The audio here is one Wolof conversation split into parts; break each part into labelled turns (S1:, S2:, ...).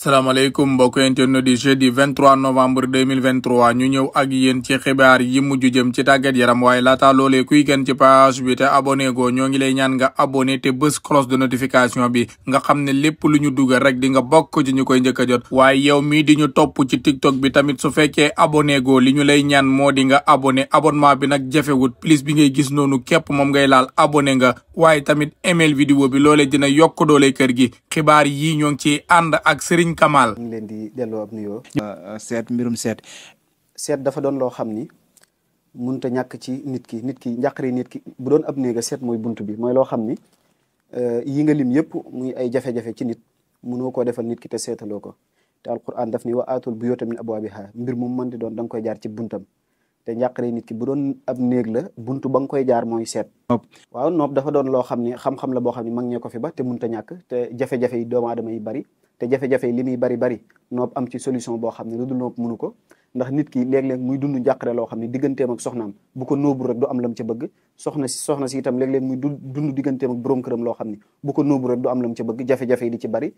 S1: salaamaaleykum mbokk internet di jeudi 23 novembre 2023 ñu ñëw ak yéen xibaar yi mujj jëm ci tàggat yaram waaye laata loolee kuy kenn ci page bi te abonné go ñoo ngi lay ñaan nga abonné te bés cloche de notification bi nga xam ne lépp lu ñu dugal rek di nga bokk ci ñu koy njëkk a jot waaye yow mii di ñu topp ci tiktok bi tamit su fekkee abonné go li ñu lay ñaan moo di nga abonné abonnement bi nag jafewut plus bi ngay gis noonu képp moom ngay laal abonné nga waaye tamit email vidéo bi loolee dina yokk doole kër gi xibaar yi ñoo ngi ci ànd ak sëriñ Serigne Kamal. ñu ngi leen di delloo ab nuyoo. Euh, seet mbirum seet. seet dafa
S2: doon loo xam ni mënut a ñàkk ci nit ki nit ki njàqare nit ki bu doon ab a seet mooy bunt bi mooy loo xam ni euh, yi nga lim yëpp muy ay jafe-jafe ci nit mënoo ko defal nit ki te seetaloo ko te alquran daf ni wa aatul buyuuta min abwaabihaa mbir mu mën di doon da nga koy jaar ci buntam. te njàqare nit ki bu doon ab néeg la bunt ba nga koy jaar mooy seet waaw noob dafa doon loo xam ne xam-xam la boo xam ne mag ñee ko fi ba te munta ñàkk te jafe-jafe yi doomu aadama yi bari te jafe-jafe li muy bari bari noob am ci solution boo xam ne lu dul noob mënu ko ndax nit ki léeg-léeg muy dund njàqare loo xam ne digganteem ak soxnaam bu ko nóobul rek am lam ca bëgg soxna si soxna si itam léeg-léeg muy dund digganteem ak borom këram loo xam ne bu ko nóobul rek du am lam ca bëgg jafe di ci bari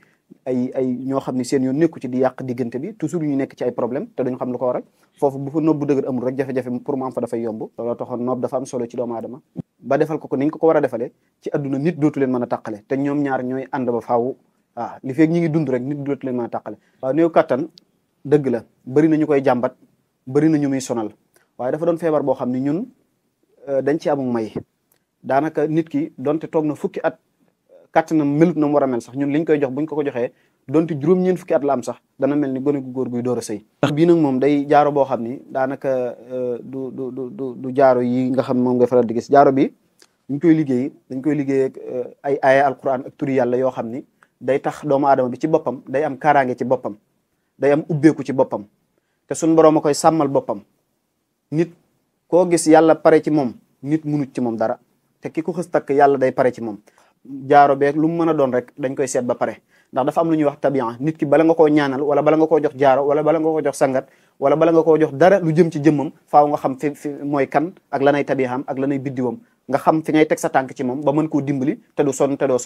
S2: ay ñoo xam ne seen yoon nekku ci di yàq diggante bi toujours ñu nekk ci ay problème te duñ xam lu ko waral foofu bu noob bu dëgër amul rek jafe-jafe pour mu am yomb looloo taxoon noob dafa am solo ci doomu aadama ba defal ko ko niñ ko ko war a defalee ci àdduna nit dootu leen mën a tàqale te ñoom ñaar ñooy ànd ba faaw waaw li feeg ñi ngi dund rek nit dootu leen mën a tàqale waaw néew kattan dëgg la bëri na ñu koy jàmbat bëri na ñu muy sonal waaye dafa doon feebar boo xam ne ñun euh, dañ ci amum may daanaka nit ki donte toog na fukki at kattanam melut na mu war mel sax ñun liñ koy jox buñ ko ko joxee donte juróom-ñeent fukki at la am sax dana mel ni gone gu góor guy door a sëy bii nag moom day jaaro boo xam ni daanaka euh, du du du jaaro yi nga xam moom nga faral di gis jaaro bi dañ koy liggéey dañ koy liggéey euh, ay aaya alquran yoo xam ni day tax doomu aadama bi ci boppam day am nge ci boppam day am ubbeku ci boppam te suñ boroom a koy sàmmal boppam nit koo gis yàlla pare ci moom nit munut ci moom dara te ki ko xës takk yàlla day pare ci moom jaaro beeg lu mu mën a doon rek dañ koy seet ba pare ndax dafa am lu ñu wax tabian nit ki bala nga koo ñaanal wala bala nga koo jox jaaro wala bala nga ko jox sangat wala bala nga koo jox dara lu jëm ci jëmmam faaw nga xam fi fi mooy kan ak lanay tabiaam ak lanay biddiwam nga xam fi ngay teg sa tànk ci ba mën koo dimbali te du sonn te doo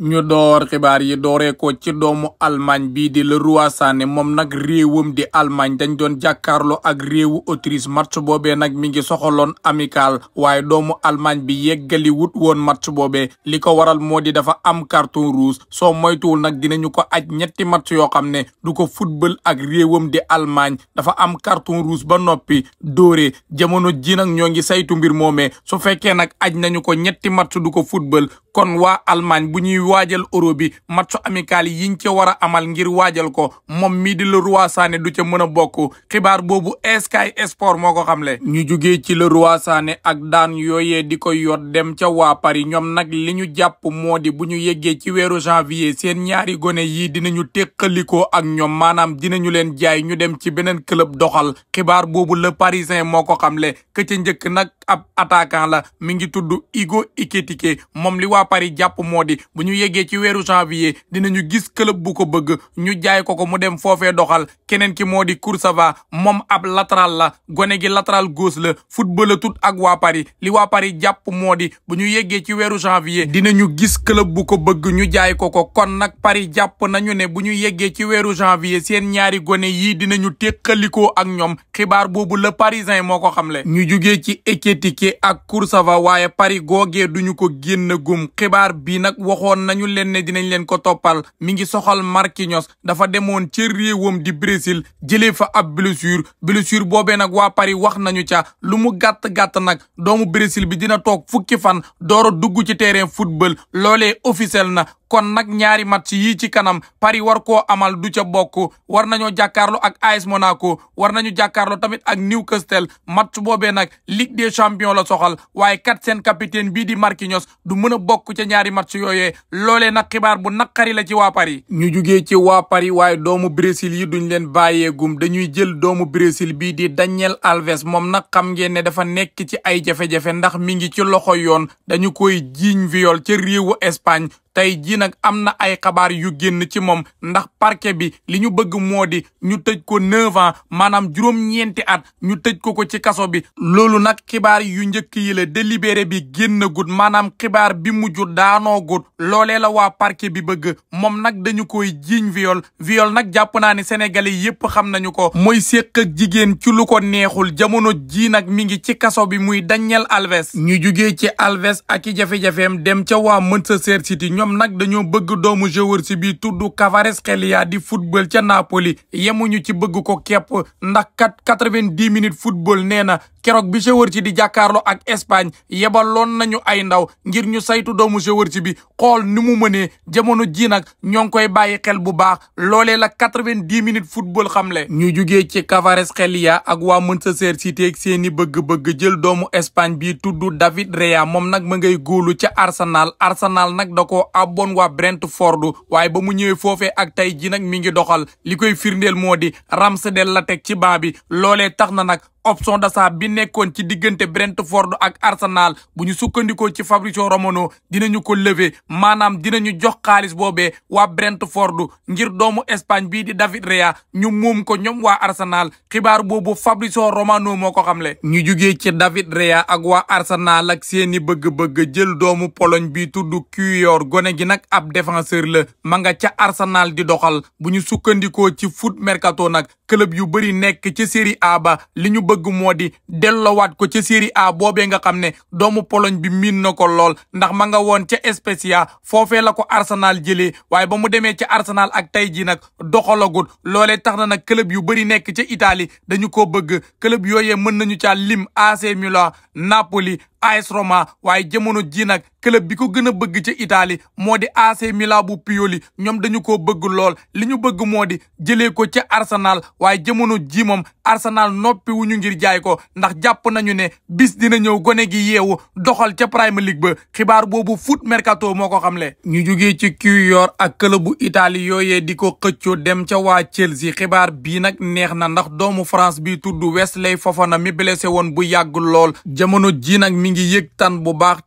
S1: ñu door xibaar yi dooree ko ci doomu Allemagne bii di Leroy Sané moom nag réewum di Allemagne dañ doon jàkkaarloo ak réewu Autriche match boobee nag mi ngi soxaloon amical waaye doomu Allemagne bi yeggali wut woon match boobee li ko waral moo di dafa am carton rouge soo moytuwul nag dinañu ko aj ñetti match yoo xam ne du ko football ak réewum di Allemagne dafa am carton ruus ba noppi dooree jamono ji nag ñoo ngi saytu mbir moomee su fekkee nag aj nañu ko ñetti match du ko football waajal euro bi match amical yiñ ca war a amal ngir waajal ko moom mii di Leroy Sané du ca mën a bokk xibaar boobu Sky Sport moo ko xamle. ñu jugee ci Leroy Sané ak daan yooyee di ko yot dem ca waa Paris ñoom nag li ñu jàpp moo di bu ñu yeggee ci weeru janvier seen ñaari gone yii dinañu teqalikoo ak ñoom maanaam dinañu leen jaay ñu dem ci beneen club doxal xibaar boobu la Parisien moo ko xamle ke ca njëkk nag ab attaquant la mi ngi tudd Igo Ekitike li waa Paris jàpp bu ñu ñu yeggee ci weeru janvier dinañu gis club bu ko bëgg ñu jaay ko ko mu dem foofee doxal keneen ki moo di Kurzawa moom ab latéral la gone gi latral gauche la football tut ak waa Paris li waa Paris jàpp moo di bu ñu yeggee ci weeru janvier dinañu gis club bu ko bëgg ñu jaay ko ko kon nag Paris jàpp nañu ne bu ñu yeggee ci weeru janvier seen ñaari gone yii dinañu téqalikoo ak ñoom xibaar boobu la parisin moo ko xamle ñu jugee ci Ekitike ak Kurzawa waaye Paris googee duñu ko génn gum nañu leen ne dinañ leen ko toppal mi ngi soxal Marquinhos dafa demoon ci réewam di Brésil jëlee fa ab blessure blessure boobee nag waa Paris wax nañu ca lu mu gàtt-gàtt nag doomu Brésil bi dina toog fukki fan dooro dugg ci terrain football loolee officiel na kon nag ñaari match yii ci kanam Paris war koo amal du ca bokk war nañoo jàkkaarloo ak AS Monaco war nañu jàkkaarloo tamit ak Newcastle match boobee nag lig de champions la soxal waaye kat seen capitaine bii di Marquinhos du mën a bokk ca ñaari match yooyee loolee nag xibaar bu nag naqari la ci waa Paris. ñu jugee ci waa Paris waaye doomu Brésil yi duñ leen bàyyeegum dañuy jël doomu Brésil bii di Daniel Alves moom nag xam ngeen ne dafa nekk ci ay jafe-jafe ndax mi ngi ci loxo yoon dañu koy jiiñ viol ca réewu Espagne tey jii nag am na ay xabaar yu génn ci moom ndax parquet bi li ñu bëgg moo di ñu tëj ko neuf ans maanaam juróom-ñeenti at ñu tëj ko ko ci kaso bi loolu nag xibaar yu njëkk yi la délibéré bi génn gut maanaam xibaar bi mujj daanoo gut loolee la waa parquet bi bëgg moom nag dañu koy jiiñ viol viol nag jàpp naa ni sénégalais yépp xam nañu ko mooy séq ak jigéen ci lu ko neexul jamono ji nag mi ngi ci kaso bi muy Daniel Alves ñu jugee ci Alves ak i jafe-jafeem dem ca waa Manchester City ñoom nag dañoo bëgg doomu joueur si bii tudd Cavares Xelia di football ca Napoli yemuñu ci bëgg ko képp ndax kat quatre-vingt-dix minutes football nee na keroog bi ci di jàkkaarloo ak Espagne yebaloon nañu ay ndaw ngir ñu saytu doomu ci bi xool ni mu mënee jamono ji nag ñoo ngi koy bàyyi xel bu baax loolee la quatre-vingt-dix minutes football xamle. ñu jugee ci Kvaratskhelia ak waa Manchester City ak seeni bëgg-bëgg jël doomu Espagne bi tudd David Rea moom nag ma ngay ci ca Arsenal Arsenal nag da ko abon waa Brentford waaye ba mu ñëwee foofee ak tey ji nag mi ngi doxal li koy firndeel moo di Ramsdale la teg ci baa bi loolee tax na nag option d'achat bi nekkoon ci diggante Brentford ak Arsenal bu ñu sukkandikoo ci Fabrizio Romano dinañu ko lever maanaam dinañu jox xaalis boobee waa Brentford ngir doomu Espagne bii di David Rea ñu moom ko ñoom waa Arsenal xibaar boobu Fabrizio Romano moo ko xamle. ñu jugee ci David Rea ak waa Arsenal ak seeni bëgg-bëgg jël doomu Pologne bi tudd Kiwior gone gi nag ab défenseur la ma nga ca Arsenal di doxal bu ñu sukkandikoo ci fut mercato nag club yu bëri nekk ca série A ba li ñu bëgg moo di dellowaat ko ca série A boobee nga xam ne doomu Pologne bi miin na ko lool ndax ma nga woon ca Spezia foofee la ko Arsenal jëlee waaye ba mu demee ca Arsenal ak tey jii nag doxalagut loolee tax na nag club yu bëri nekk ca itali dañu ko bëgg club yooyee mën nañu caa lim AC Milan Napoli AS Roma waaye jamono ji nag club bi ko gën a bëgg ci Italie moo di AC Milan bu Pioli ñoom dañu ko bëgg lool li ñu bëgg moo di jëlee ko ca Arsenal waaye jamono ji moom Arsenal noppi wu ñu ngir jaay ko ndax jàpp nañu ne bis dina ñëw gone gi yeewu doxal ca Premier League ba xibaar boobu fut merkato moo ko le ñu jugee ci ki yor ak club itali Italie yooyee di ko xëccoo dem ca waa Chelsea xibaar bii nag neex na ndax doomu France bi tudd Wesley Fofana mi blessé woon bu yàgg lool jamono ji nag mi ngi yëg tan bu baax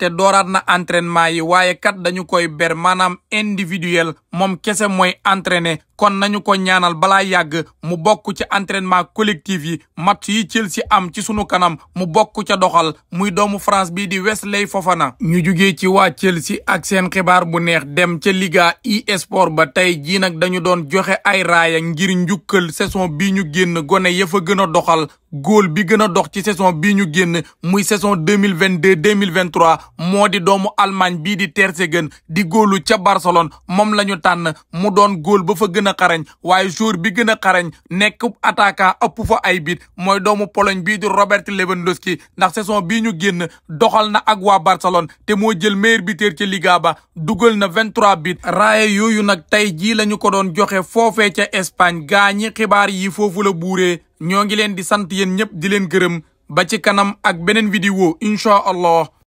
S1: entraînement yi waaye kat dañu koy ber maanaam individuel moom kese mooy entraîner kon nañu ko ñaanal balaa yàgg mu bokk ci entraînement collectif yi mat yi Chelsea am ci sunu kanam mu bokk ca doxal muy doomu France bii di Wesley Fofana. ñu jugee ci waa Chelsea ak seen xibaar bu neex dem ca Liga e-sport ba tey jii nag dañu doon joxe ay raaya ngir njukkal saison bii ñu génn gone ya fa gën a doxal. góol bi gën a dox ci saison bii ñu génn muy saison deux mille vingt deux deux mille vingt trois moo di doomu Allemagne bii di Ter Stegen di góolu ca Barcelone moom la ñu tànn gën a xarañ waaye joueur bi gën a xarañ nekk attaquant ëpp fa ay bit mooy doomu Pologne bii di Robert Lewandowski ndax saison bii ñu génn doxal na ak waa Barcelone te moo jël meilleur buteur ci Liga ba dugal na vingt-trois bit raaye yooyu nag tey jii la ñu ko doon joxe foofee ca Espagne gaa ñi xibaar yi foofu la buuree ñoo ngi leen di sant yéen ñëpp di leen gërëm ba ci ak beneen vidéo incha allah